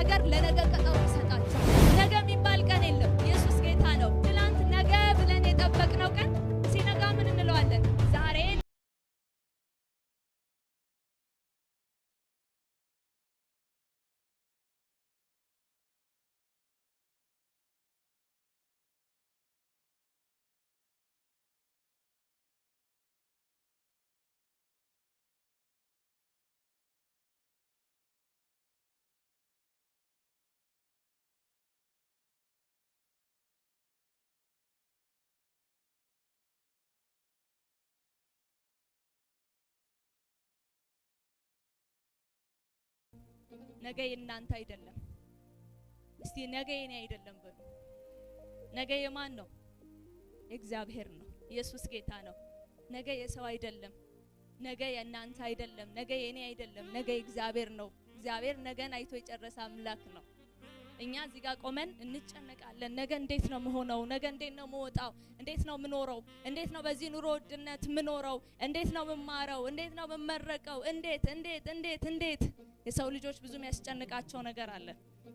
ነገር ለነገ ቀጠሮ ይሰጣቸዋል። ነገ የሚባል ቀን የለም። ነገ የእናንተ አይደለም። እስቲ ነገ የኔ አይደለም በሉ። ነገ የማን ነው? እግዚአብሔር ነው። ኢየሱስ ጌታ ነው። ነገ የሰው አይደለም። ነገ የእናንተ አይደለም። ነገ የኔ አይደለም። ነገ እግዚአብሔር ነው። እግዚአብሔር ነገን አይቶ የጨረሰ አምላክ ነው። እኛ እዚህ ጋር ቆመን እንጨነቃለን። ነገ እንዴት ነው መሆነው ነገ እንዴት ነው መወጣው እንዴት ነው ምኖረው እንዴት ነው በዚህ ኑሮ ውድነት ምኖረው እንዴት ነው ምማረው እንዴት ነው የምመረቀው? እንዴት እንዴት እንዴት እንዴት የሰው ልጆች ብዙ የሚያስጨንቃቸው ነገር አለ።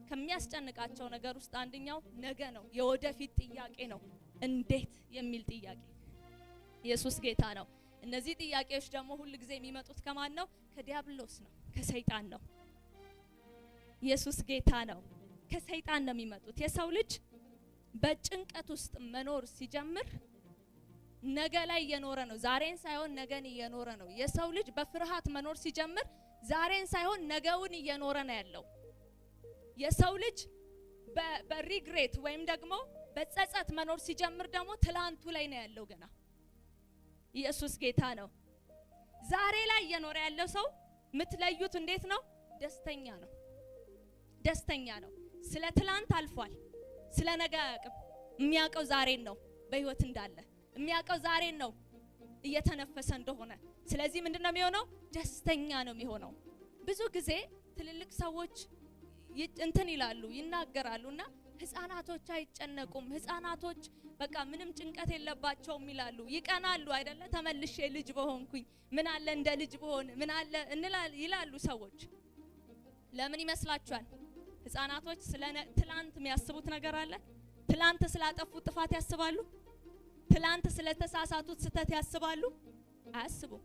ከሚያስጨንቃቸው ነገር ውስጥ አንደኛው ነገ ነው፣ የወደፊት ጥያቄ ነው፣ እንዴት የሚል ጥያቄ። ኢየሱስ ጌታ ነው። እነዚህ ጥያቄዎች ደግሞ ሁል ጊዜ የሚመጡት ከማን ነው? ከዲያብሎስ ነው፣ ከሰይጣን ነው። ኢየሱስ ጌታ ነው። ከሰይጣን ነው የሚመጡት። የሰው ልጅ በጭንቀት ውስጥ መኖር ሲጀምር ነገ ላይ እየኖረ ነው፣ ዛሬን ሳይሆን ነገን እየኖረ ነው። የሰው ልጅ በፍርሃት መኖር ሲጀምር ዛሬን ሳይሆን ነገውን እየኖረ ነው ያለው። የሰው ልጅ በሪግሬት ወይም ደግሞ በጸጸት መኖር ሲጀምር ደግሞ ትላንቱ ላይ ነው ያለው ገና። ኢየሱስ ጌታ ነው። ዛሬ ላይ እየኖረ ያለው ሰው የምትለዩት እንዴት ነው? ደስተኛ ነው። ደስተኛ ነው። ስለ ትላንት አልፏል። ስለ ነገ አያውቅም። የሚያውቀው ዛሬን ነው። በህይወት እንዳለ የሚያውቀው ዛሬን ነው እየተነፈሰ እንደሆነ ስለዚህ ምንድን ነው የሚሆነው? ደስተኛ ነው የሚሆነው። ብዙ ጊዜ ትልልቅ ሰዎች እንትን ይላሉ ይናገራሉ እና ህፃናቶች አይጨነቁም፣ ህፃናቶች በቃ ምንም ጭንቀት የለባቸውም ይላሉ። ይቀናሉ አይደለ? ተመልሼ ልጅ በሆንኩኝ ምን አለ እንደ ልጅ በሆን ምን አለ ይላሉ ሰዎች። ለምን ይመስላችኋል? ህፃናቶች ስለ ትላንት የሚያስቡት ነገር አለ? ትላንት ስላጠፉት ጥፋት ያስባሉ? ትላንት ስለተሳሳቱት ስህተት ያስባሉ? አያስቡም።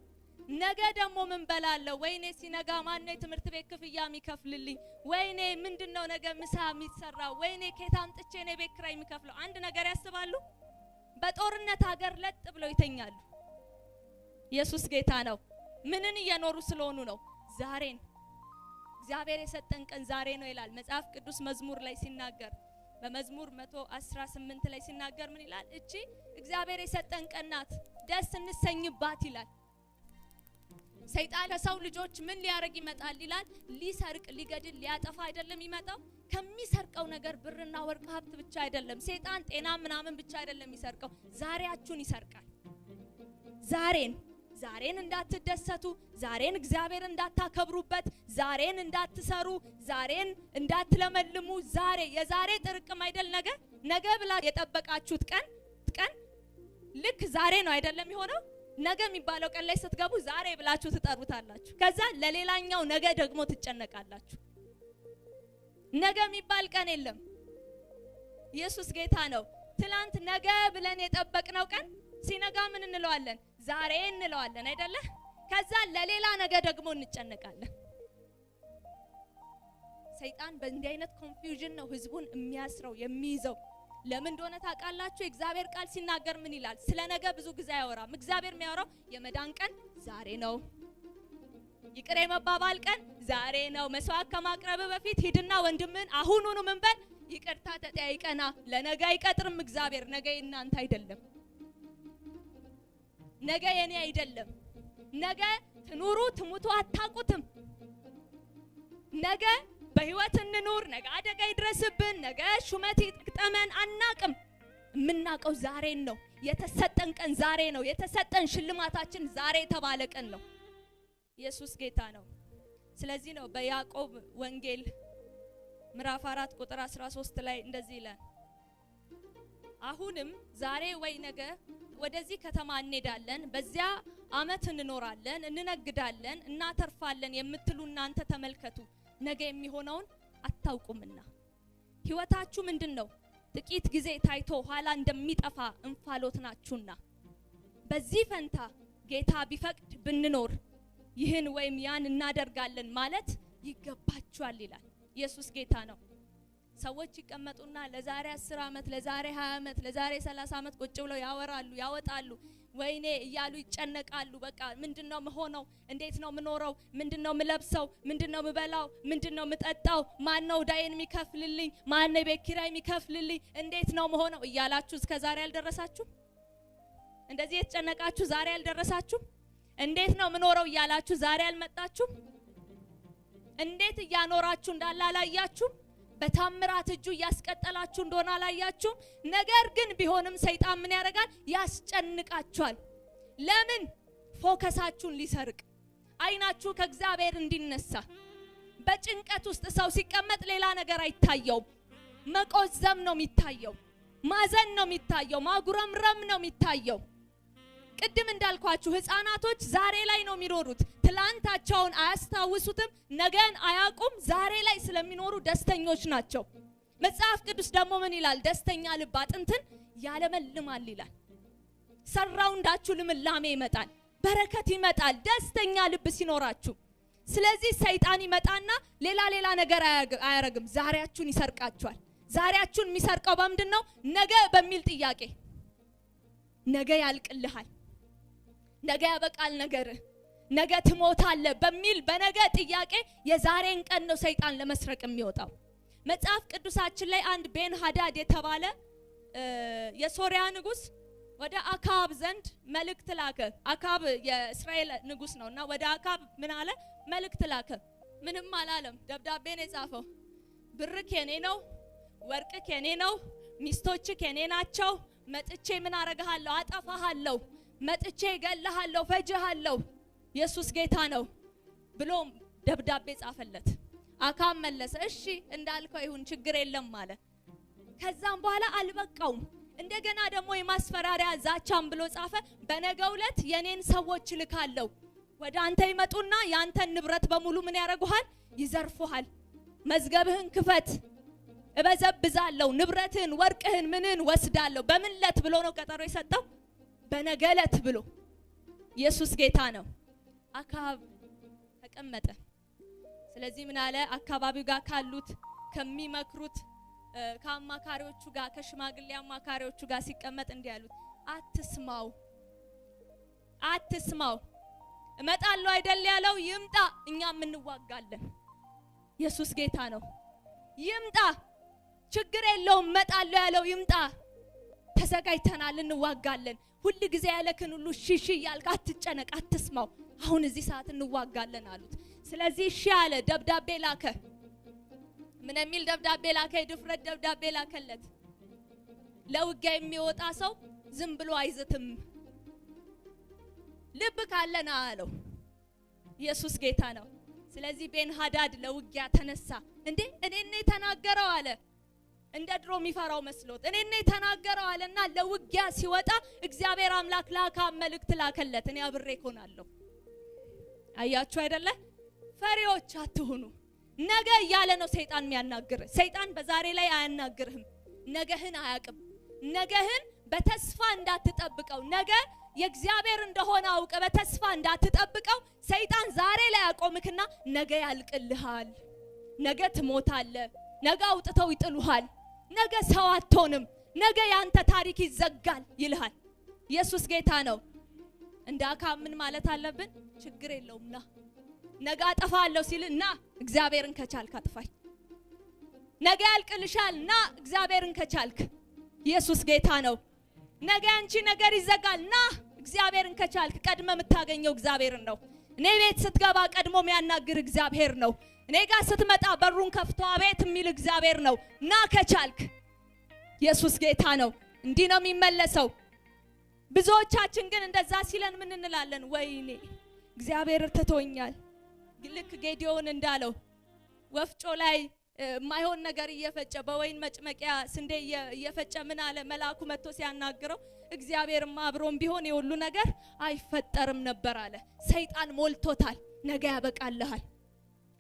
ነገ ደግሞ ምን በላለሁ? ወይኔ ሲነጋ ማነው የትምህርት ቤት ክፍያ የሚከፍልልኝ? ወይኔ ምንድነው ነገ ምሳ የሚሰራ? ወይኔ ከየት አምጥቼ ነው ቤት ክራይ የሚከፍለው? አንድ ነገር ያስባሉ። በጦርነት ሀገር ለጥ ብለው ይተኛሉ። ኢየሱስ ጌታ ነው። ምንን እየኖሩ ስለሆኑ ነው? ዛሬን እግዚአብሔር የሰጠን ቀን ዛሬ ነው ይላል መጽሐፍ ቅዱስ መዝሙር ላይ ሲናገር በመዝሙር 118 ላይ ሲናገር ምን ይላል? እቺ እግዚአብሔር የሰጠን ቀናት ደስ እንሰኝባት ይላል። ሰይጣን ከሰው ልጆች ምን ሊያደርግ ይመጣል ይላል? ሊሰርቅ፣ ሊገድል፣ ሊያጠፋ አይደለም ይመጣው። ከሚሰርቀው ነገር ብርና ወርቅ ሀብት ብቻ አይደለም። ሰይጣን ጤና ምናምን ብቻ አይደለም የሚሰርቀው፣ ዛሬያችሁን ይሰርቃል። ዛሬን ዛሬን እንዳትደሰቱ፣ ዛሬን እግዚአብሔር እንዳታከብሩበት፣ ዛሬን እንዳትሰሩ፣ ዛሬን እንዳትለመልሙ፣ ዛሬ የዛሬ ጥርቅም አይደል ነገ ነገ ብላ የጠበቃችሁት ቀን ቀን ልክ ዛሬ ነው አይደለም የሆነው ነገ የሚባለው ቀን ላይ ስትገቡ ዛሬ ብላችሁ ትጠሩታላችሁ። ከዛ ለሌላኛው ነገ ደግሞ ትጨነቃላችሁ። ነገ የሚባል ቀን የለም። ኢየሱስ ጌታ ነው። ትላንት ነገ ብለን የጠበቅነው ቀን ሲነጋ ምን እንለዋለን? ዛሬ እንለዋለን አይደለ? ከዛ ለሌላ ነገ ደግሞ እንጨነቃለን። ሰይጣን በእንዲህ አይነት ኮንፊውዥን ነው ህዝቡን የሚያስረው የሚይዘው። ለምን እንደሆነ ታውቃላችሁ? የእግዚአብሔር ቃል ሲናገር ምን ይላል? ስለ ነገ ብዙ ጊዜ አያወራም። እግዚአብሔር የሚያወራው የመዳን ቀን ዛሬ ነው። ይቅር የመባባል ቀን ዛሬ ነው። መስዋዕት ከማቅረብ በፊት ሂድና ወንድምን አሁኑኑ ምን በል ይቅርታ ተጠያይቀና። ለነገ አይቀጥርም እግዚአብሔር። ነገ የእናንተ አይደለም። ነገ የኔ አይደለም። ነገ ትኑሩ ትሙቱ አታውቁትም። ነገ በህይወት እንኑር፣ ነገ አደጋ ይድረስብን፣ ነገ ሹመት ይቅጠመን፣ አናቅም። የምናውቀው ዛሬን ነው። የተሰጠን ቀን ዛሬ ነው። የተሰጠን ሽልማታችን ዛሬ የተባለ ቀን ነው። ኢየሱስ ጌታ ነው። ስለዚህ ነው በያዕቆብ ወንጌል ምዕራፍ 4 ቁጥር 13 ላይ እንደዚህ ይላል፣ አሁንም ዛሬ ወይ ነገ ወደዚህ ከተማ እንሄዳለን፣ በዚያ አመት እንኖራለን፣ እንነግዳለን፣ እናተርፋለን የምትሉ እናንተ ተመልከቱ ነገ የሚሆነውን አታውቁምና። ህይወታችሁ ምንድን ነው? ጥቂት ጊዜ ታይቶ ኋላ እንደሚጠፋ እንፋሎት ናችሁና። በዚህ ፈንታ ጌታ ቢፈቅድ ብንኖር ይህን ወይም ያን እናደርጋለን ማለት ይገባችኋል ይላል። ኢየሱስ ጌታ ነው። ሰዎች ይቀመጡና ለዛሬ 10 ዓመት፣ ለዛሬ 20 አመት ለዛሬ 30 ዓመት ቁጭ ብለው ያወራሉ፣ ያወጣሉ። ወይኔ እያሉ ይጨነቃሉ። በቃ ምንድን ነው የምሆነው? እንዴት ነው ምኖረው ምንድን ነው ምለብሰው? ምንድን ነው ምበላው? ምንድን ነው ምጠጣው? ማን ነው ዳይን የሚከፍልልኝ? ማን ነው የቤት ኪራይ የሚከፍልልኝ? እንዴት ነው መሆነው እያላችሁ እስከ ዛሬ አልደረሳችሁ እንደዚህ የተጨነቃችሁ ዛሬ አልደረሳችሁ? እንዴት ነው ምኖረው እያላችሁ ዛሬ አልመጣችሁ? እንዴት እያኖራችሁ እንዳላላያችሁ? በታምራት እጁ እያስቀጠላችሁ እንደሆነ አላያችሁም? ነገር ግን ቢሆንም ሰይጣን ምን ያደርጋል? ያስጨንቃችኋል። ለምን? ፎከሳችሁን ሊሰርቅ፣ አይናችሁ ከእግዚአብሔር እንዲነሳ። በጭንቀት ውስጥ ሰው ሲቀመጥ ሌላ ነገር አይታየውም። መቆዘም ነው የሚታየው፣ ማዘን ነው የሚታየው፣ ማጉረምረም ነው የሚታየው። ቅድም እንዳልኳችሁ ህፃናቶች ዛሬ ላይ ነው የሚኖሩት። ትላንታቸውን አያስታውሱትም፣ ነገን አያውቁም። ዛሬ ላይ ስለሚኖሩ ደስተኞች ናቸው። መጽሐፍ ቅዱስ ደግሞ ምን ይላል? ደስተኛ ልብ አጥንትን ያለመልማል ይላል። ሰራው እንዳችሁ ልምላሜ ይመጣል፣ በረከት ይመጣል፣ ደስተኛ ልብ ሲኖራችሁ። ስለዚህ ሰይጣን ይመጣና ሌላ ሌላ ነገር አያረግም፣ ዛሬያችሁን ይሰርቃችኋል። ዛሬያችሁን የሚሰርቀው በምንድን ነው? ነገ በሚል ጥያቄ ነገ ያልቅልሃል። ነገ ያበቃል ነገር ነገ ትሞታለ በሚል በነገ ጥያቄ የዛሬን ቀን ነው ሰይጣን ለመስረቅ የሚወጣው። መጽሐፍ ቅዱሳችን ላይ አንድ ቤን ሀዳድ የተባለ የሶሪያ ንጉስ ወደ አካብ ዘንድ መልእክት ላከ። አካብ የእስራኤል ንጉስ ነው እና ወደ አካብ ምን አለ መልእክት ላከ። ምንም አላለም። ደብዳቤን የጻፈው ብር ኬኔ ነው፣ ወርቅ ኬኔ ነው፣ ሚስቶች ኬኔ ናቸው። መጥቼ ምን አረግሃለሁ? አጠፋሃለሁ መጥቼ እገልሃለሁ፣ ፈጅሃለሁ፣ ኢየሱስ ጌታ ነው ብሎ ደብዳቤ ጻፈለት። አካም መለሰ፣ እሺ እንዳልከው ይሁን ችግር የለም አለ። ከዛም በኋላ አልበቃውም። እንደገና ደግሞ የማስፈራሪያ ዛቻም ብሎ ጻፈ። በነገው ዕለት የኔን ሰዎች ልካለሁ፣ ወደ አንተ ይመጡና የአንተን ንብረት በሙሉ ምን ያደርጉሃል? ይዘርፉሃል። መዝገብህን ክፈት፣ እበዘብዛለሁ፣ ንብረትህን፣ ወርቅህን፣ ምንን ወስዳለሁ። በምለት ብሎ ነው ቀጠሮ የሰጠው። በነገለት ብሎ ኢየሱስ ጌታ ነው። አካብ ተቀመጠ። ስለዚህ ምን አለ? አካባቢው ጋር ካሉት ከሚመክሩት ከአማካሪዎቹ ጋር ከሽማግሌ አማካሪዎቹ ጋር ሲቀመጥ እንዲህ ያሉት፣ አትስማው፣ አትስማው። እመጣለሁ አይደል ያለው፣ ይምጣ፣ እኛም እንዋጋለን። ኢየሱስ ጌታ ነው። ይምጣ፣ ችግር የለውም። እመጣለሁ ያለው ይምጣ፣ ተዘጋጅተናል፣ እንዋጋለን። ሁል ጊዜ ያለክን ሁሉ ሽሽ እያልክ አትጨነቅ፣ አትስማው፣ አሁን እዚህ ሰዓት እንዋጋለን አሉት። ስለዚህ እሺ አለ። ደብዳቤ ላከ። ምን የሚል ደብዳቤ ላከ? የድፍረት ደብዳቤ ላከለት። ለውጊያ የሚወጣ ሰው ዝም ብሎ አይዝትም፣ ልብ ካለና አለው። ኢየሱስ ጌታ ነው። ስለዚህ ቤን ሀዳድ ለውጊያ ተነሳ። እንዴ እኔ እኔ ተናገረው አለ እንደ ድሮ የሚፈራው መስሎት እኔ ነኝ ተናገረው አለና ለውጊያ ሲወጣ እግዚአብሔር አምላክ ላካ መልእክት ላከለት፣ እኔ አብሬ እሆናለሁ። አያችሁ አይደለ? ፈሪዎች አትሁኑ። ነገ እያለ ነው ሰይጣን የሚያናግር ሰይጣን በዛሬ ላይ አያናግርህም። ነገህን አያቅም ነገህን በተስፋ እንዳትጠብቀው ነገ የእግዚአብሔር እንደሆነ አውቀ በተስፋ እንዳትጠብቀው ሰይጣን ዛሬ ላይ ያቆምክና ነገ ያልቅልሃል፣ ነገ ትሞታለ፣ ነገ አውጥተው ይጥሉሃል። ነገ ሰው አትሆንም። ነገ ያንተ ታሪክ ይዘጋል ይልሃል። ኢየሱስ ጌታ ነው። እንደ አካብ ምን ማለት አለብን? ችግር የለውም ና ነገ አጠፋለሁ ሲል ና እግዚአብሔርን ከቻልክ አጥፋኝ። ነገ ያልቅልሻል ና እግዚአብሔርን ከቻልክ። ኢየሱስ ጌታ ነው። ነገ ያንቺ ነገር ይዘጋል ና እግዚአብሔርን ከቻልክ። ቀድመ የምታገኘው እግዚአብሔርን ነው። እኔ ቤት ስትገባ ቀድሞ የሚያናግር እግዚአብሔር ነው። እኔ ጋር ስትመጣ በሩን ከፍቶ አቤት የሚል እግዚአብሔር ነው። ና ከቻልክ ኢየሱስ ጌታ ነው። እንዲህ ነው የሚመለሰው። ብዙዎቻችን ግን እንደዛ ሲለን ምን እንላለን? ወይኔ እግዚአብሔር ትቶኛል። ልክ ጌዲዮን እንዳለው ወፍጮ ላይ ማይሆን ነገር እየፈጨ በወይን መጭመቂያ ስንዴ እየፈጨ ምን አለ መልአኩ መጥቶ ሲያናግረው፣ እግዚአብሔርማ አብሮም ቢሆን የሁሉ ነገር አይፈጠርም ነበር አለ። ሰይጣን ሞልቶታል። ነገ ያበቃልሃል፣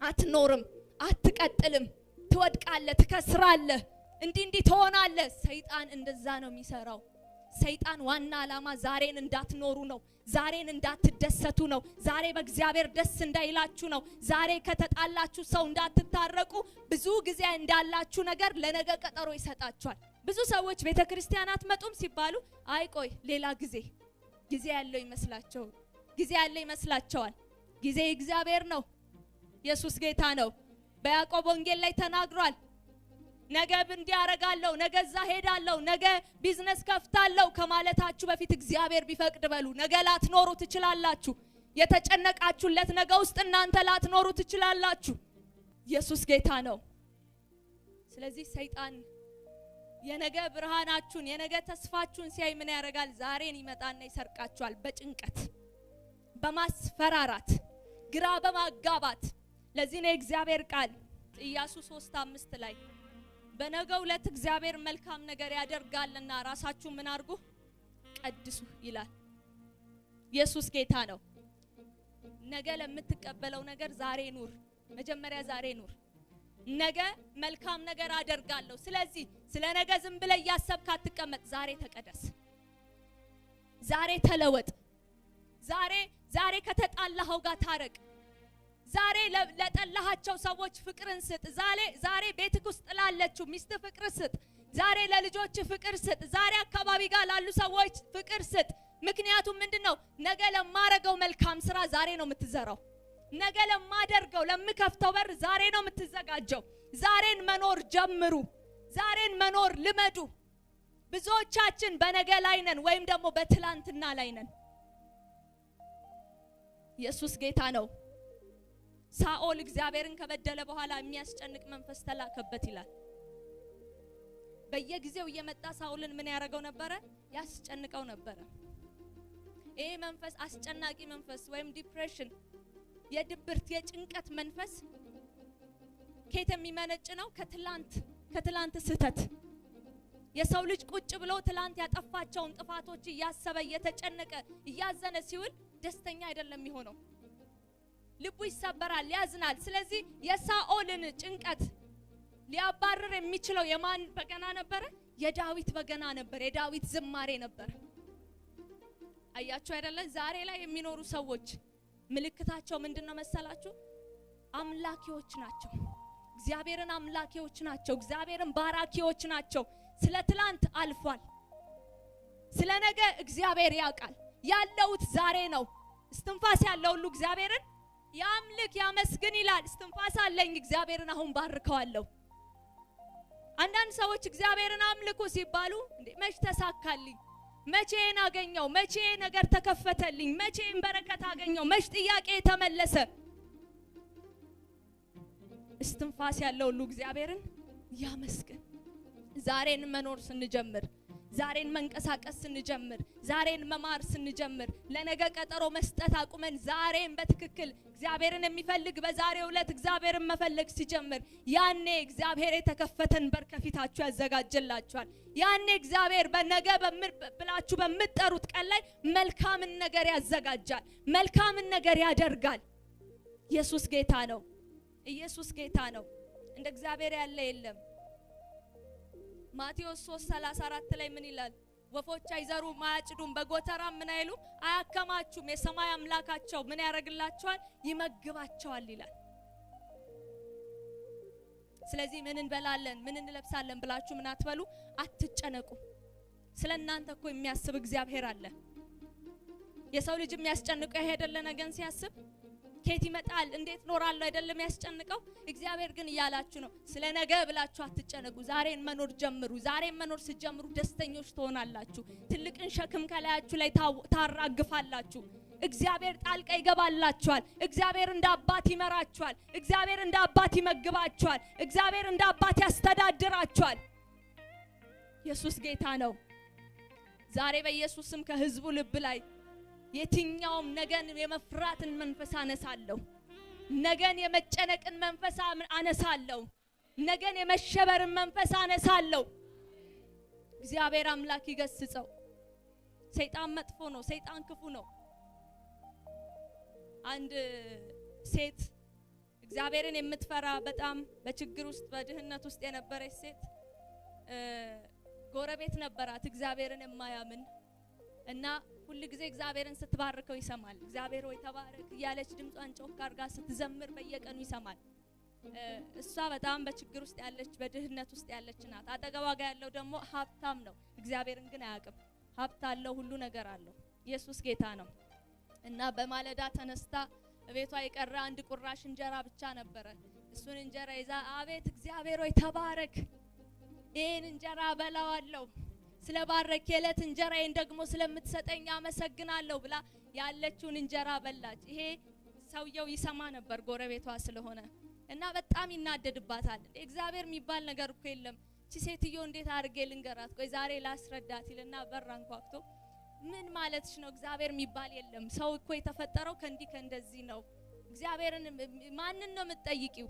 አትኖርም፣ አትቀጥልም፣ ትወድቃለህ፣ ትከስራለህ፣ እንዲህ እንዲህ ትሆናለህ። ሰይጣን እንደዛ ነው የሚሰራው። ሰይጣን ዋና ዓላማ ዛሬን እንዳትኖሩ ነው። ዛሬን እንዳትደሰቱ ነው። ዛሬ በእግዚአብሔር ደስ እንዳይላችሁ ነው። ዛሬ ከተጣላችሁ ሰው እንዳትታረቁ ብዙ ጊዜ እንዳላችሁ ነገር ለነገ ቀጠሮ ይሰጣችኋል። ብዙ ሰዎች ቤተ ክርስቲያን አትመጡም ሲባሉ አይ ቆይ ሌላ ጊዜ ጊዜ ያለው ይመስላቸው ጊዜ ያለው ይመስላቸዋል። ጊዜ እግዚአብሔር ነው። ኢየሱስ ጌታ ነው። በያዕቆብ ወንጌል ላይ ተናግሯል። ነገ እንዲህ አደርጋለሁ፣ ነገ እዛ ሄዳለሁ፣ ነገ ቢዝነስ ከፍታለሁ ከማለታችሁ በፊት እግዚአብሔር ቢፈቅድ በሉ። ነገ ላትኖሩ ትችላላችሁ። የተጨነቃችሁለት ነገ ውስጥ እናንተ ላትኖሩ ትችላላችሁ። ኢየሱስ ጌታ ነው። ስለዚህ ሰይጣን የነገ ብርሃናችሁን የነገ ተስፋችሁን ሲያይ ምን ያደርጋል? ዛሬን ይመጣና ይሰርቃችኋል። በጭንቀት በማስፈራራት ግራ በማጋባት ለዚህ ነው የእግዚአብሔር ቃል ኢያሱ 3 አምስት ላይ በነገ ዕለት እግዚአብሔር መልካም ነገር ያደርጋልና ራሳችሁ ምን አድርጉ? ቀድሱ ይላል። ኢየሱስ ጌታ ነው። ነገ ለምትቀበለው ነገር ዛሬ ኑር። መጀመሪያ ዛሬ ኑር። ነገ መልካም ነገር አደርጋለሁ። ስለዚህ ስለ ነገ ዝም ብለ እያሰብክ አትቀመጥ። ዛሬ ተቀደስ። ዛሬ ተለወጥ። ዛሬ ዛሬ ከተጣላኸው ጋር ታረቅ። ዛሬ ለጠላሃቸው ሰዎች ፍቅርን ስጥ። ዛሬ ዛሬ ቤትክ ውስጥ ላለችው ሚስት ፍቅር ስጥ። ዛሬ ለልጆች ፍቅር ስጥ። ዛሬ አካባቢ ጋር ላሉ ሰዎች ፍቅር ስጥ። ምክንያቱም ምንድን ነው ነገ ለማረገው መልካም ስራ ዛሬ ነው የምትዘራው። ነገ ለማደርገው ለምከፍተው በር ዛሬ ነው የምትዘጋጀው። ዛሬን መኖር ጀምሩ። ዛሬን መኖር ልመዱ። ብዙዎቻችን በነገ ላይ ነን ወይም ደግሞ በትላንትና ላይ ነን። ኢየሱስ ጌታ ነው። ሳኦል እግዚአብሔርን ከበደለ በኋላ የሚያስጨንቅ መንፈስ ተላከበት ይላል። በየጊዜው እየመጣ ሳኦልን ምን ያደረገው ነበረ? ያስጨንቀው ነበረ። ይሄ መንፈስ አስጨናቂ መንፈስ ወይም ዲፕሬሽን፣ የድብርት የጭንቀት መንፈስ ከየት የሚመነጭ ነው? ከትላንት ከትላንት ስህተት የሰው ልጅ ቁጭ ብሎ ትላንት ያጠፋቸውን ጥፋቶች እያሰበ እየተጨነቀ እያዘነ ሲውል ደስተኛ አይደለም የሚሆነው። ልቡ ይሰበራል፣ ያዝናል። ስለዚህ የሳኦልን ጭንቀት ሊያባርር የሚችለው የማን በገና ነበረ? የዳዊት በገና ነበር። የዳዊት ዝማሬ ነበር። አያችሁ አይደለ? ዛሬ ላይ የሚኖሩ ሰዎች ምልክታቸው ነው መሰላችሁ? አምላኪዎች ናቸው። እግዚአብሔርን አምላኪዎች ናቸው። እግዚአብሔርን ባራኪዎች ናቸው። ስለ ትላንት አልፏል። ስለ ነገ እግዚአብሔር ያውቃል። ያለውት ዛሬ ነው። እስትንፋስ ያለው ሁሉ እግዚአብሔርን ያምልክ ያመስግን ይላል። እስትንፋስ አለኝ እግዚአብሔርን አሁን ባርከዋለሁ። አንዳንድ ሰዎች እግዚአብሔርን አምልኩ ሲባሉ እንዴ መች ተሳካልኝ፣ መቼ አገኘው፣ መቼ ነገር ተከፈተልኝ፣ መቼን በረከት አገኘው፣ መች ጥያቄ ተመለሰ። እስትንፋስ ያለው ሁሉ እግዚአብሔርን ያመስግን። ዛሬን መኖር ስንጀምር ዛሬን መንቀሳቀስ ስንጀምር ዛሬን መማር ስንጀምር ለነገ ቀጠሮ መስጠት አቁመን ዛሬን በትክክል እግዚአብሔርን የሚፈልግ በዛሬው ዕለት እግዚአብሔርን መፈለግ ሲጀምር ያኔ እግዚአብሔር የተከፈተን በር ከፊታችሁ ያዘጋጀላችኋል። ያኔ እግዚአብሔር በነገ ብላችሁ በምትጠሩት ቀን ላይ መልካምን ነገር ያዘጋጃል፣ መልካምን ነገር ያደርጋል። ኢየሱስ ጌታ ነው። ኢየሱስ ጌታ ነው። እንደ እግዚአብሔር ያለ የለም። ማቴዎስ 3:34 ላይ ምን ይላል? ወፎች አይዘሩ አያጭዱም በጎተራ ምን አይሉም አያከማቹም። የሰማይ አምላካቸው ምን ያደርግላቸዋል? ይመግባቸዋል ይላል። ስለዚህ ምን እንበላለን፣ ምን እንለብሳለን ብላችሁ ምን አትበሉ፣ አትጨነቁ። ስለ እናንተ እኮ የሚያስብ እግዚአብሔር አለ። የሰው ልጅ የሚያስጨንቀው አይደለ? ነገን ሲያስብ ኬት ይመጣል፣ እንዴት ኖራለሁ አይደለም ያስጨንቀው። እግዚአብሔር ግን እያላችሁ ነው፣ ስለ ነገ ብላችሁ አትጨነቁ። ዛሬን መኖር ጀምሩ። ዛሬን መኖር ስትጀምሩ ደስተኞች ትሆናላችሁ። ትልቅን ሸክም ከላያችሁ ላይ ታራግፋላችሁ። እግዚአብሔር ጣልቃ ይገባላችኋል። እግዚአብሔር እንደ አባት ይመራችኋል። እግዚአብሔር እንደ አባት ይመግባችኋል። እግዚአብሔር እንደ አባት ያስተዳድራችኋል። ኢየሱስ ጌታ ነው። ዛሬ በኢየሱስም ከህዝቡ ልብ ላይ የትኛውም ነገን የመፍራትን መንፈስ አነሳለሁ። ነገን የመጨነቅን መንፈስ አነሳለሁ። ነገን የመሸበርን መንፈስ አነሳለሁ። እግዚአብሔር አምላክ ይገስጸው። ሰይጣን መጥፎ ነው። ሰይጣን ክፉ ነው። አንድ ሴት እግዚአብሔርን የምትፈራ በጣም በችግር ውስጥ በድህነት ውስጥ የነበረች ሴት ጎረቤት ነበራት እግዚአብሔርን የማያምን እና ሁል ጊዜ እግዚአብሔርን ስትባርከው ይሰማል። እግዚአብሔር ወይ ተባረክ እያለች ድምጿን ጮክ አድርጋ ስትዘምር በየቀኑ ይሰማል። እሷ በጣም በችግር ውስጥ ያለች በድህነት ውስጥ ያለች ናት። አጠገቧ ጋር ያለው ደግሞ ሀብታም ነው፣ እግዚአብሔርን ግን አያውቅም። ሀብት አለው፣ ሁሉ ነገር አለው። ኢየሱስ ጌታ ነው እና በማለዳ ተነስታ ቤቷ የቀረ አንድ ቁራሽ እንጀራ ብቻ ነበረ። እሱን እንጀራ ይዛ አቤት እግዚአብሔር ወይ ተባረክ፣ ይህን እንጀራ አለው። ስለ ባረክ የዕለት እንጀራዬን ደግሞ ስለምትሰጠኝ አመሰግናለሁ ብላ ያለችውን እንጀራ በላች። ይሄ ሰውየው ይሰማ ነበር ጎረቤቷ ስለሆነ እና በጣም ይናደድባታል። እግዚአብሔር የሚባል ነገር እኮ የለም። እቺ ሴትዮ እንዴት አድርጌ ልንገራት? ቆይ ዛሬ ላስረዳት ይልና በራ ምን ማለትሽ ነው? እግዚአብሔር የሚባል የለም። ሰው እኮ የተፈጠረው ከእንዲህ ከእንደዚህ ነው። እግዚአብሔርን ማንን ነው የምትጠይቂው?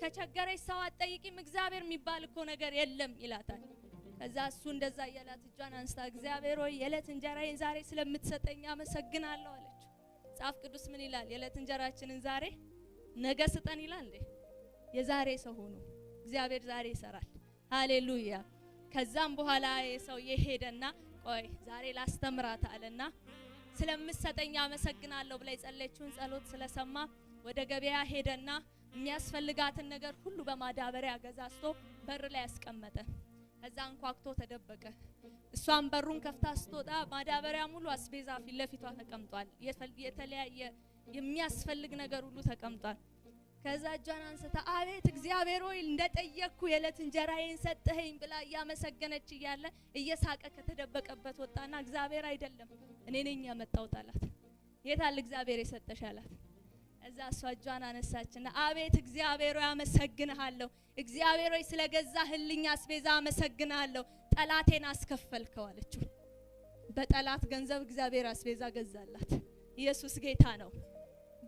ከቸገረች ሰው አትጠይቂም። እግዚአብሔር የሚባል እኮ ነገር የለም ይላታል። ከዛ እሱ እንደዛ እያላት እጇን አንስታ እግዚአብሔር ሆይ የዕለት እንጀራዬን ዛሬ ስለምትሰጠኝ አመሰግናለሁ አለች። መጽሐፍ ቅዱስ ምን ይላል? የዕለት እንጀራችንን ዛሬ ነገ ስጠን ይላል እንዴ? የዛሬ ሰው ሆኖ እግዚአብሔር ዛሬ ይሰራል። ሃሌሉያ። ከዛም በኋላ የሰው ሄደና ቆይ ዛሬ ላስተምራት አለና ስለምትሰጠኝ አመሰግናለሁ ብላ የጸለየችውን ጸሎት ስለሰማ ወደ ገበያ ሄደና የሚያስፈልጋትን ነገር ሁሉ በማዳበሪያ ገዛዝቶ በር ላይ ያስቀመጠ እዛ አንኳኩቶ ተደበቀ። እሷን በሩን ከፍታ ስትወጣ ማዳበሪያ ሙሉ አስቤዛ ፊት ለፊቷ ተቀምጧል። የተለያየ የሚያስፈልግ ነገር ሁሉ ተቀምጧል። ከዛ እጇን አንስታ አቤት እግዚአብሔር ሆይ እንደጠየቅኩ የዕለት እንጀራዬን ሰጠኸኝ ብላ እያመሰገነች እያለ እየሳቀ ከተደበቀበት ወጣና እግዚአብሔር አይደለም እኔ ነኝ ያመጣሁት አላት። የታል እግዚአብሔር የሰጠሽ አላት። እዛ እሷ እጇን አነሳችና አቤት እግዚአብሔር ሆይ አመሰግንሃለሁ፣ እግዚአብሔር ሆይ ስለገዛህልኝ አስቤዛ አመሰግንሃለሁ፣ ጠላቴን አስከፈልከው አለችው። በጠላት ገንዘብ እግዚአብሔር አስቤዛ ገዛላት። ኢየሱስ ጌታ ነው።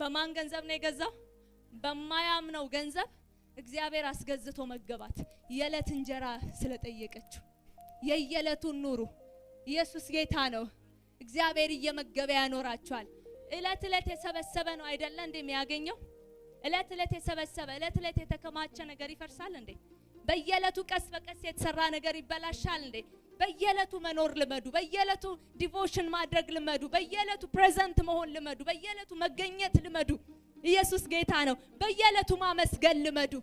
በማን ገንዘብ ነው የገዛው? በማያምነው ገንዘብ እግዚአብሔር አስገዝቶ መገባት። የዕለት እንጀራ ስለጠየቀችው የየዕለቱን ኑሩ። ኢየሱስ ጌታ ነው። እግዚአብሔር እየመገበ ያኖራችኋል። እለት እለት የሰበሰበ ነው አይደለ እንዴ የሚያገኘው? እለት እለት የሰበሰበ እለት እለት የተከማቸ ነገር ይፈርሳል እንዴ? በየእለቱ ቀስ በቀስ የተሰራ ነገር ይበላሻል እንዴ? በየእለቱ መኖር ልመዱ። በየእለቱ ዲቮሽን ማድረግ ልመዱ። በየእለቱ ፕሬዘንት መሆን ልመዱ። በየእለቱ መገኘት ልመዱ። ኢየሱስ ጌታ ነው። በየእለቱ ማመስገን ልመዱ።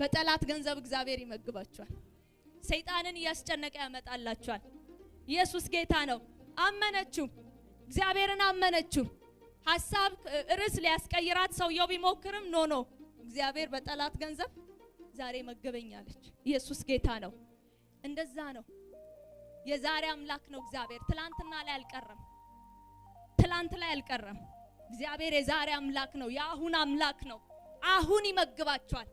በጠላት ገንዘብ እግዚአብሔር ይመግባቸዋል። ሰይጣንን እያስጨነቀ ያመጣላቸዋል። ኢየሱስ ጌታ ነው። አመነችው። እግዚአብሔርን አመነችው። ሀሳብ ርዕስ ሊያስቀይራት ሰውየው ቢሞክርም ኖ ኖ እግዚአብሔር በጠላት ገንዘብ ዛሬ መገበኛለች። ኢየሱስ ጌታ ነው። እንደዛ ነው። የዛሬ አምላክ ነው እግዚአብሔር። ትላንትና ላይ አልቀረም፣ ትላንት ላይ አልቀረም። እግዚአብሔር የዛሬ አምላክ ነው፣ የአሁን አምላክ ነው። አሁን ይመግባቸዋል፣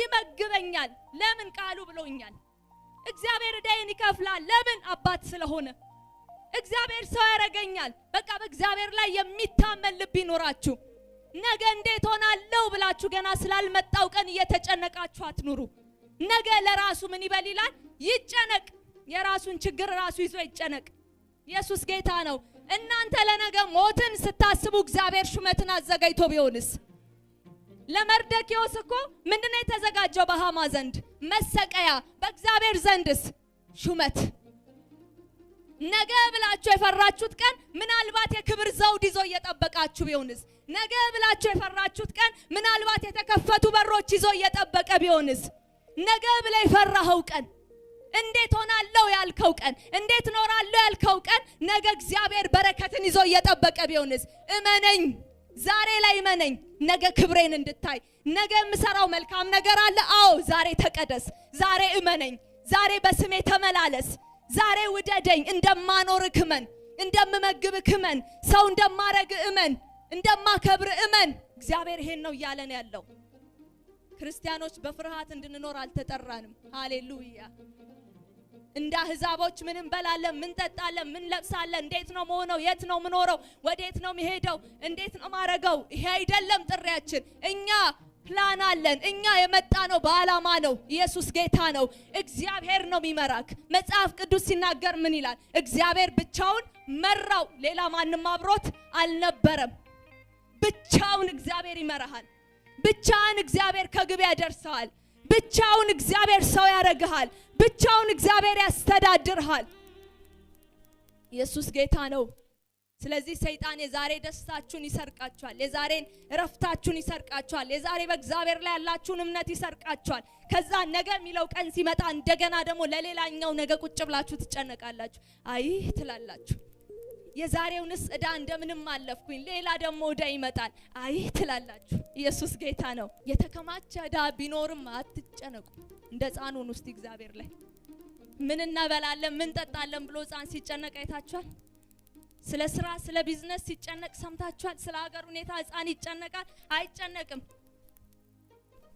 ይመግበኛል። ለምን ቃሉ ብሎኛል። እግዚአብሔር ዳይን ይከፍላል። ለምን አባት ስለሆነ እግዚአብሔር ሰው ያደርገኛል። በቃ በእግዚአብሔር ላይ የሚታመን ልብ ይኖራችሁ። ነገ እንዴት ሆናለሁ ብላችሁ ገና ስላልመጣው ቀን እየተጨነቃችሁ አትኑሩ። ነገ ለራሱ ምን ይበል ይላል፣ ይጨነቅ። የራሱን ችግር ራሱ ይዞ ይጨነቅ። ኢየሱስ ጌታ ነው። እናንተ ለነገ ሞትን ስታስቡ እግዚአብሔር ሹመትን አዘጋጅቶ ቢሆንስ? ለመርደኪዎስ እኮ ምንድነው የተዘጋጀው? በሃማ ዘንድ መሰቀያ፣ በእግዚአብሔር ዘንድስ ሹመት ነገ ብላችሁ የፈራችሁት ቀን ምናልባት የክብር ዘውድ ይዞ እየጠበቃችሁ ቢሆንስ? ነገ ብላችሁ የፈራችሁት ቀን ምናልባት የተከፈቱ በሮች ይዞ እየጠበቀ ቢሆንስ? ነገ ብለ የፈራኸው ቀን እንዴት ሆናለሁ ያልከው ቀን እንዴት ኖራለሁ ያልከው ቀን ነገ እግዚአብሔር በረከትን ይዞ እየጠበቀ ቢሆንስ? እመነኝ፣ ዛሬ ላይ እመነኝ፣ ነገ ክብሬን እንድታይ። ነገ የምሰራው መልካም ነገር አለ። አዎ ዛሬ ተቀደስ፣ ዛሬ እመነኝ፣ ዛሬ በስሜ ተመላለስ። ዛሬ ውደደኝ፣ እንደማኖር እመን፣ እንደምመግብ እመን፣ ሰው እንደማረግ እመን፣ እንደማከብር እመን። እግዚአብሔር ይሄን ነው እያለን ያለው። ክርስቲያኖች በፍርሃት እንድንኖር አልተጠራንም። ሃሌሉያ። እንደ አህዛቦች ምን እንበላለን፣ ምን ጠጣለን፣ ምን ለብሳለን፣ እንዴት ነው መሆነው፣ የት ነው ምኖረው፣ ወዴት ነው የሚሄደው፣ እንዴት ነው ማረገው? ይሄ አይደለም ጥሪያችን እኛ ፕላን አለን። እኛ የመጣ ነው በዓላማ ነው። ኢየሱስ ጌታ ነው። እግዚአብሔር ነው የሚመራክ። መጽሐፍ ቅዱስ ሲናገር ምን ይላል? እግዚአብሔር ብቻውን መራው፣ ሌላ ማንም አብሮት አልነበረም። ብቻውን እግዚአብሔር ይመራሃል። ብቻውን እግዚአብሔር ከግብ ያደርሰሃል። ብቻውን እግዚአብሔር ሰው ያደርግሃል። ብቻውን እግዚአብሔር ያስተዳድርሃል። ኢየሱስ ጌታ ነው። ስለዚህ ሰይጣን የዛሬ ደስታችሁን ይሰርቃችኋል፣ የዛሬን እረፍታችሁን ይሰርቃችኋል፣ የዛሬ በእግዚአብሔር ላይ ያላችሁን እምነት ይሰርቃችኋል። ከዛ ነገ የሚለው ቀን ሲመጣ እንደገና ደግሞ ለሌላኛው ነገ ቁጭ ብላችሁ ትጨነቃላችሁ። አይ ትላላችሁ የዛሬውንስ እዳ እንደምንም አለፍኩኝ፣ ሌላ ደግሞ እዳ ይመጣል። አይ ትላላችሁ። ኢየሱስ ጌታ ነው። የተከማቸ እዳ ቢኖርም አትጨነቁ። እንደ ሕፃኑን ውስጥ እግዚአብሔር ላይ ምን እናበላለን ምን ጠጣለን ብሎ ህፃን ሲጨነቅ አይታችኋል? ስለ ስራ፣ ስለ ቢዝነስ ሲጨነቅ ሰምታችኋል። ስለ ሀገር ሁኔታ ህፃን ይጨነቃል? አይጨነቅም።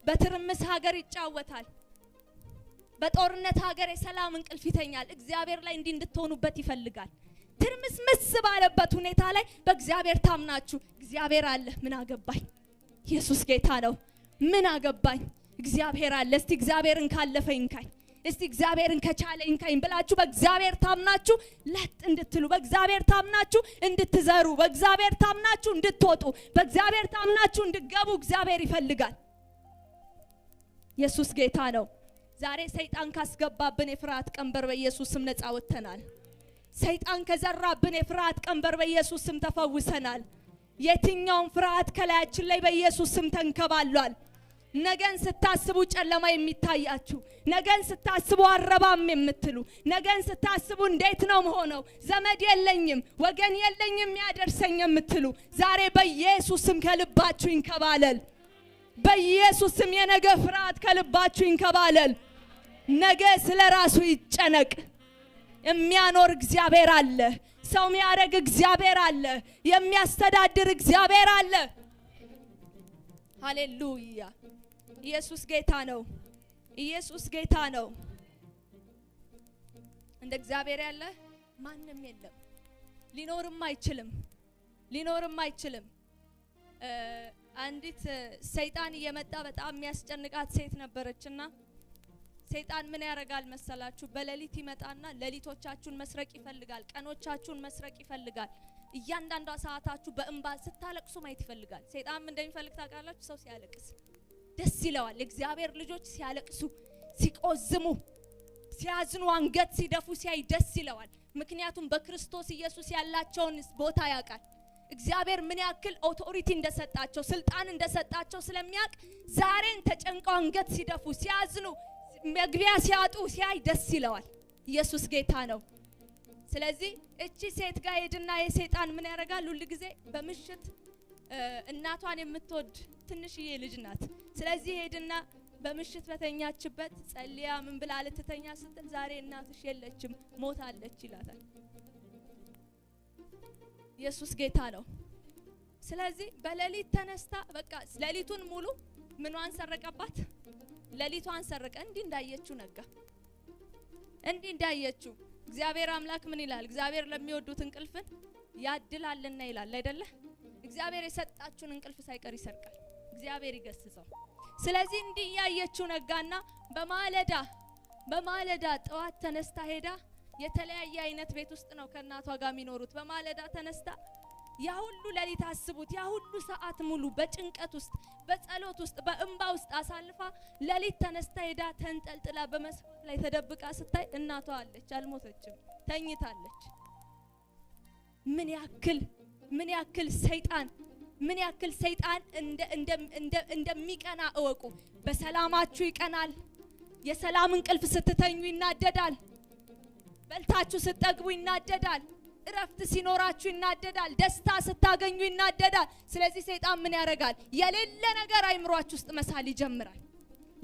በትርምስ ሀገር ይጫወታል። በጦርነት ሀገር የሰላም እንቅልፍ ይተኛል። እግዚአብሔር ላይ እንዲህ እንድትሆኑበት ይፈልጋል። ምስ ባለበት ሁኔታ ላይ በእግዚአብሔር ታምናችሁ እግዚአብሔር አለ፣ ምን አገባኝ፣ ኢየሱስ ጌታ ነው፣ ምን አገባኝ፣ እግዚአብሔር አለ፣ እስቲ እግዚአብሔርን ካለፈ ይንካኝ እስቲ እግዚአብሔርን ከቻለኝ ከኝ ብላችሁ በእግዚአብሔር ታምናችሁ ለጥ እንድትሉ በእግዚአብሔር ታምናችሁ እንድትዘሩ በእግዚአብሔር ታምናችሁ እንድትወጡ በእግዚአብሔር ታምናችሁ እንድገቡ እግዚአብሔር ይፈልጋል። ኢየሱስ ጌታ ነው። ዛሬ ሰይጣን ካስገባብን የፍርሃት ቀንበር በኢየሱስ ስም ነፃ ወጥተናል። ሰይጣን ከዘራብን የፍርሃት ቀንበር በኢየሱስ ስም ተፈውሰናል። የትኛውም ፍርሃት ከላያችን ላይ በኢየሱስ ስም ተንከባሏል። ነገን ስታስቡ ጨለማ የሚታያችሁ፣ ነገን ስታስቡ አረባም የምትሉ፣ ነገን ስታስቡ እንዴት ነው መሆነው፣ ዘመድ የለኝም፣ ወገን የለኝም ያደርሰኝ የምትሉ ዛሬ በኢየሱስም ከልባችሁ ይንከባለል። በኢየሱስም የነገ ፍርሃት ከልባችሁ ይንከባለል። ነገ ስለ ራሱ ይጨነቅ። የሚያኖር እግዚአብሔር አለ። ሰው የሚያደርግ እግዚአብሔር አለ። የሚያስተዳድር እግዚአብሔር አለ። ሃሌሉያ ኢየሱስ ጌታ ነው። ኢየሱስ ጌታ ነው። እንደ እግዚአብሔር ያለ ማንም የለም፣ ሊኖርም አይችልም፣ ሊኖርም አይችልም። አንዲት ሰይጣን እየመጣ በጣም የሚያስጨንቃት ሴት ነበረችና ሰይጣን ምን ያደርጋል መሰላችሁ? በሌሊት ይመጣና ሌሊቶቻችሁን መስረቅ ይፈልጋል፣ ቀኖቻችሁን መስረቅ ይፈልጋል። እያንዳንዷ ሰዓታችሁ በእንባ ስታለቅሱ ማየት ይፈልጋል። ሰይጣን እንደሚፈልግ ታውቃላችሁ? ሰው ሲያለቅስ ደስ ይለዋል። እግዚአብሔር ልጆች ሲያለቅሱ፣ ሲቆዝሙ፣ ሲያዝኑ፣ አንገት ሲደፉ ሲያይ ደስ ይለዋል። ምክንያቱም በክርስቶስ ኢየሱስ ያላቸውን ቦታ ያውቃል። እግዚአብሔር ምን ያክል ኦቶሪቲ እንደሰጣቸው ስልጣን እንደሰጣቸው ስለሚያውቅ ዛሬን ተጨንቀው አንገት ሲደፉ ሲያዝኑ መግቢያ ሲያጡ ሲያይ ደስ ይለዋል። ኢየሱስ ጌታ ነው። ስለዚህ እቺ ሴት ጋር ሄድና የሰይጣን ምን ያደርጋል? ሁል ጊዜ በምሽት እናቷን የምትወድ ትንሽዬ ልጅ ናት። ስለዚህ ሄድና በምሽት በተኛችበት ጸልያ ምን ብላ ልትተኛ ስትል ዛሬ እናትሽ የለችም ሞታለች ይላታል። ኢየሱስ ጌታ ነው። ስለዚህ በሌሊት ተነስታ በቃ ሌሊቱን ሙሉ ምኗን ሰረቀባት? ሌሊቷን ሰረቀ። እንዲህ እንዳየችው ነጋ። እንዲህ እንዳየችው እግዚአብሔር አምላክ ምን ይላል? እግዚአብሔር ለሚወዱት እንቅልፍን ያድላልና ይላል አይደለ? እግዚአብሔር የሰጣችሁን እንቅልፍ ሳይቀር ይሰርቃል። እግዚአብሔር ይገስጸው። ስለዚህ እንዲህ እያየችው ነጋና በማለዳ በማለዳ ጠዋት ተነስታ ሄዳ የተለያየ አይነት ቤት ውስጥ ነው ከእናቷ ጋር የሚኖሩት። በማለዳ ተነስታ ያ ሁሉ ሌሊት አስቡት፣ ያ ሁሉ ሰዓት ሙሉ በጭንቀት ውስጥ፣ በጸሎት ውስጥ፣ በእንባ ውስጥ አሳልፋ ሌሊት ተነስታ ሄዳ ተንጠልጥላ በመስኮት ላይ ተደብቃ ስታይ እናቷ አለች፣ አልሞተችም፣ ተኝታለች። ምን ያክል ምን ያክል ሰይጣን ምን ያክል ሰይጣን እንደሚቀና እወቁ። በሰላማችሁ ይቀናል። የሰላም እንቅልፍ ስትተኙ ይናደዳል። በልታችሁ ስትጠግቡ ይናደዳል። እረፍት ሲኖራችሁ ይናደዳል። ደስታ ስታገኙ ይናደዳል። ስለዚህ ሰይጣን ምን ያደርጋል? የሌለ ነገር አይምሯችሁ ውስጥ መሳል ይጀምራል።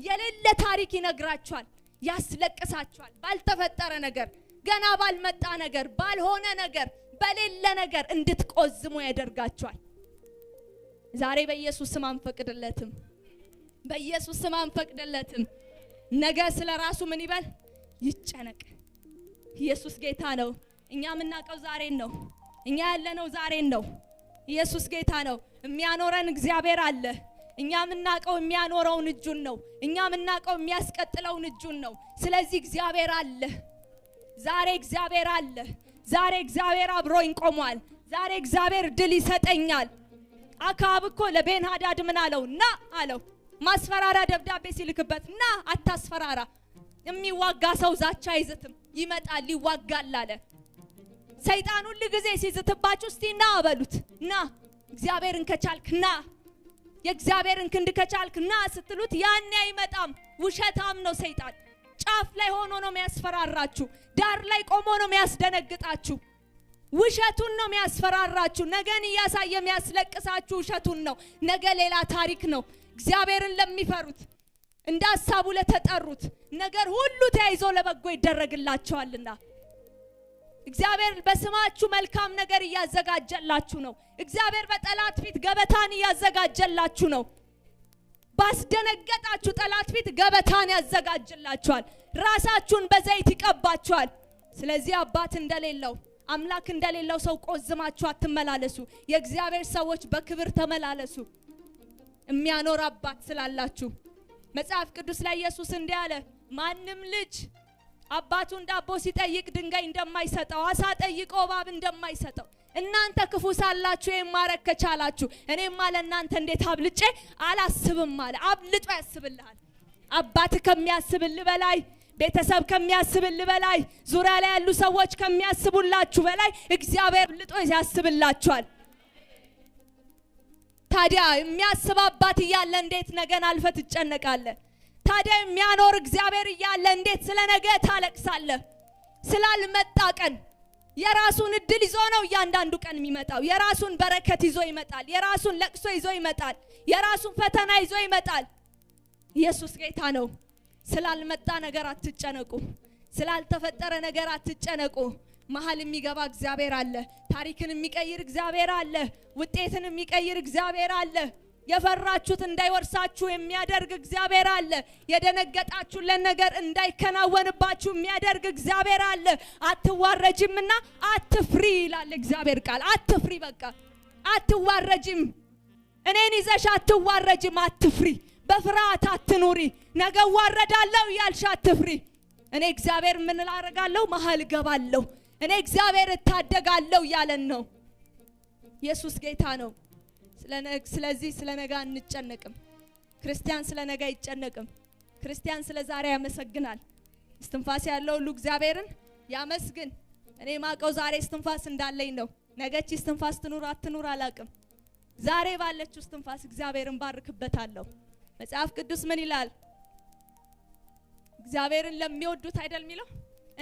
የሌለ ታሪክ ይነግራችኋል፣ ያስለቅሳችኋል። ባልተፈጠረ ነገር፣ ገና ባልመጣ ነገር፣ ባልሆነ ነገር በሌለ ነገር እንድትቆዝሙ ያደርጋቸዋል። ዛሬ በኢየሱስ ስም አንፈቅድለትም። በኢየሱስ ስም አንፈቅድለትም። ነገ ስለ ራሱ ምን ይበል ይጨነቅ። ኢየሱስ ጌታ ነው። እኛ የምናውቀው ዛሬን ነው። እኛ ያለነው ዛሬን ነው። ኢየሱስ ጌታ ነው። የሚያኖረን እግዚአብሔር አለ። እኛ የምናውቀው የሚያኖረውን እጁን ነው። እኛ የምናውቀው የሚያስቀጥለውን እጁን ነው። ስለዚህ እግዚአብሔር አለ። ዛሬ እግዚአብሔር አለ። ዛሬ እግዚአብሔር አብሮኝ ቆሟል። ዛሬ እግዚአብሔር ድል ይሰጠኛል። አካብ እኮ ለቤን ሃዳድ ምን አለው? ና አለው። ማስፈራሪያ ደብዳቤ ሲልክበት ና አታስፈራራ፣ የሚዋጋ ሰው ዛቻ አይዝትም፣ ይመጣል ሊዋጋል አለ። ሰይጣን ሁል ጊዜ ሲዝትባችሁ እስቲ ና በሉት። ና እግዚአብሔርን ከቻልክ ና፣ የእግዚአብሔርን ክንድ ከቻልክ ና ስትሉት ያኔ አይመጣም። ውሸታም ነው ሰይጣን። ጫፍ ላይ ሆኖ ነው የሚያስፈራራችሁ። ዳር ላይ ቆሞ ነው የሚያስደነግጣችሁ። ውሸቱን ነው የሚያስፈራራችሁ። ነገን እያሳየ የሚያስለቅሳችሁ ውሸቱን ነው። ነገ ሌላ ታሪክ ነው። እግዚአብሔርን ለሚፈሩት እንደ ሀሳቡ ለተጠሩት ነገር ሁሉ ተያይዞ ለበጎ ይደረግላቸዋልና እግዚአብሔር በስማችሁ መልካም ነገር እያዘጋጀላችሁ ነው። እግዚአብሔር በጠላት ፊት ገበታን እያዘጋጀላችሁ ነው። ባስደነገጣችሁ ጠላት ፊት ገበታን ያዘጋጅላችኋል፣ ራሳችሁን በዘይት ይቀባችኋል። ስለዚህ አባት እንደሌለው አምላክ እንደሌለው ሰው ቆዝማችሁ አትመላለሱ። የእግዚአብሔር ሰዎች በክብር ተመላለሱ፣ የሚያኖር አባት ስላላችሁ። መጽሐፍ ቅዱስ ላይ ኢየሱስ እንዲህ አለ፣ ማንም ልጅ አባቱን ዳቦ ሲጠይቅ ድንጋይ እንደማይሰጠው፣ አሳ ጠይቆ እባብ እንደማይሰጠው እናንተ ክፉ ሳላችሁ የማረግ ከቻላችሁ እኔማ ለእናንተ እንዴት አብልጬ አላስብም አለ። አብልጦ ያስብልሃል። አባት ከሚያስብል በላይ ቤተሰብ ከሚያስብል በላይ ዙሪያ ላይ ያሉ ሰዎች ከሚያስቡላችሁ በላይ እግዚአብሔር አብልጦ ያስብላችኋል። ታዲያ የሚያስብ አባት እያለ እንዴት ነገን አልፈት ትጨነቃለህ? ታዲያ የሚያኖር እግዚአብሔር እያለ እንዴት ስለ ነገ ታለቅሳለ ስላልመጣ ቀን የራሱን እድል ይዞ ነው እያንዳንዱ ቀን የሚመጣው። የራሱን በረከት ይዞ ይመጣል። የራሱን ለቅሶ ይዞ ይመጣል። የራሱን ፈተና ይዞ ይመጣል። ኢየሱስ ጌታ ነው። ስላልመጣ ነገር አትጨነቁ። ስላልተፈጠረ ነገር አትጨነቁ። መሀል የሚገባ እግዚአብሔር አለ። ታሪክን የሚቀይር እግዚአብሔር አለ። ውጤትን የሚቀይር እግዚአብሔር አለ። የፈራችሁት እንዳይወርሳችሁ የሚያደርግ እግዚአብሔር አለ። የደነገጣችሁለን ነገር እንዳይከናወንባችሁ የሚያደርግ እግዚአብሔር አለ። አትዋረጅምና አትፍሪ ይላል እግዚአብሔር ቃል። አትፍሪ፣ በቃ አትዋረጅም። እኔን ይዘሽ አትዋረጅም፣ አትፍሪ። በፍርሃት አትኑሪ። ነገ ዋረዳለሁ እያልሽ አትፍሪ። እኔ እግዚአብሔር ምን ላረጋለሁ? መሀል እገባለሁ። እኔ እግዚአብሔር እታደጋለሁ እያለን ነው። ኢየሱስ ጌታ ነው። ስለዚህ ስለ ነገ አንጨነቅም። ክርስቲያን ስለ ነገ አይጨነቅም። ክርስቲያን ስለ ዛሬ ያመሰግናል። እስትንፋስ ያለው ሁሉ እግዚአብሔርን ያመስግን። እኔ ማቀው ዛሬ እስትንፋስ እንዳለኝ ነው። ነገች እስትንፋስ ትኑር አትኑር አላቅም። ዛሬ ባለችው እስትንፋስ እግዚአብሔርን ባርክበታለሁ። መጽሐፍ ቅዱስ ምን ይላል? እግዚአብሔርን ለሚወዱት አይደል የሚለው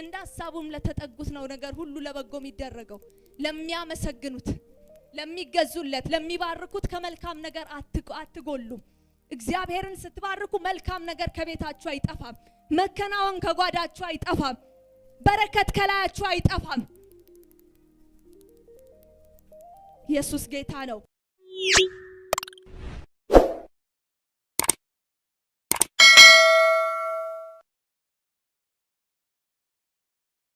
እንደ ሀሳቡም ለተጠጉት ነው ነገር ሁሉ ለበጎ የሚደረገው ለሚያመሰግኑት ለሚገዙለት፣ ለሚባርኩት ከመልካም ነገር አትጎሉም። እግዚአብሔርን ስትባርኩ መልካም ነገር ከቤታችሁ አይጠፋም። መከናወን ከጓዳችሁ አይጠፋም። በረከት ከላያችሁ አይጠፋም። ኢየሱስ ጌታ ነው።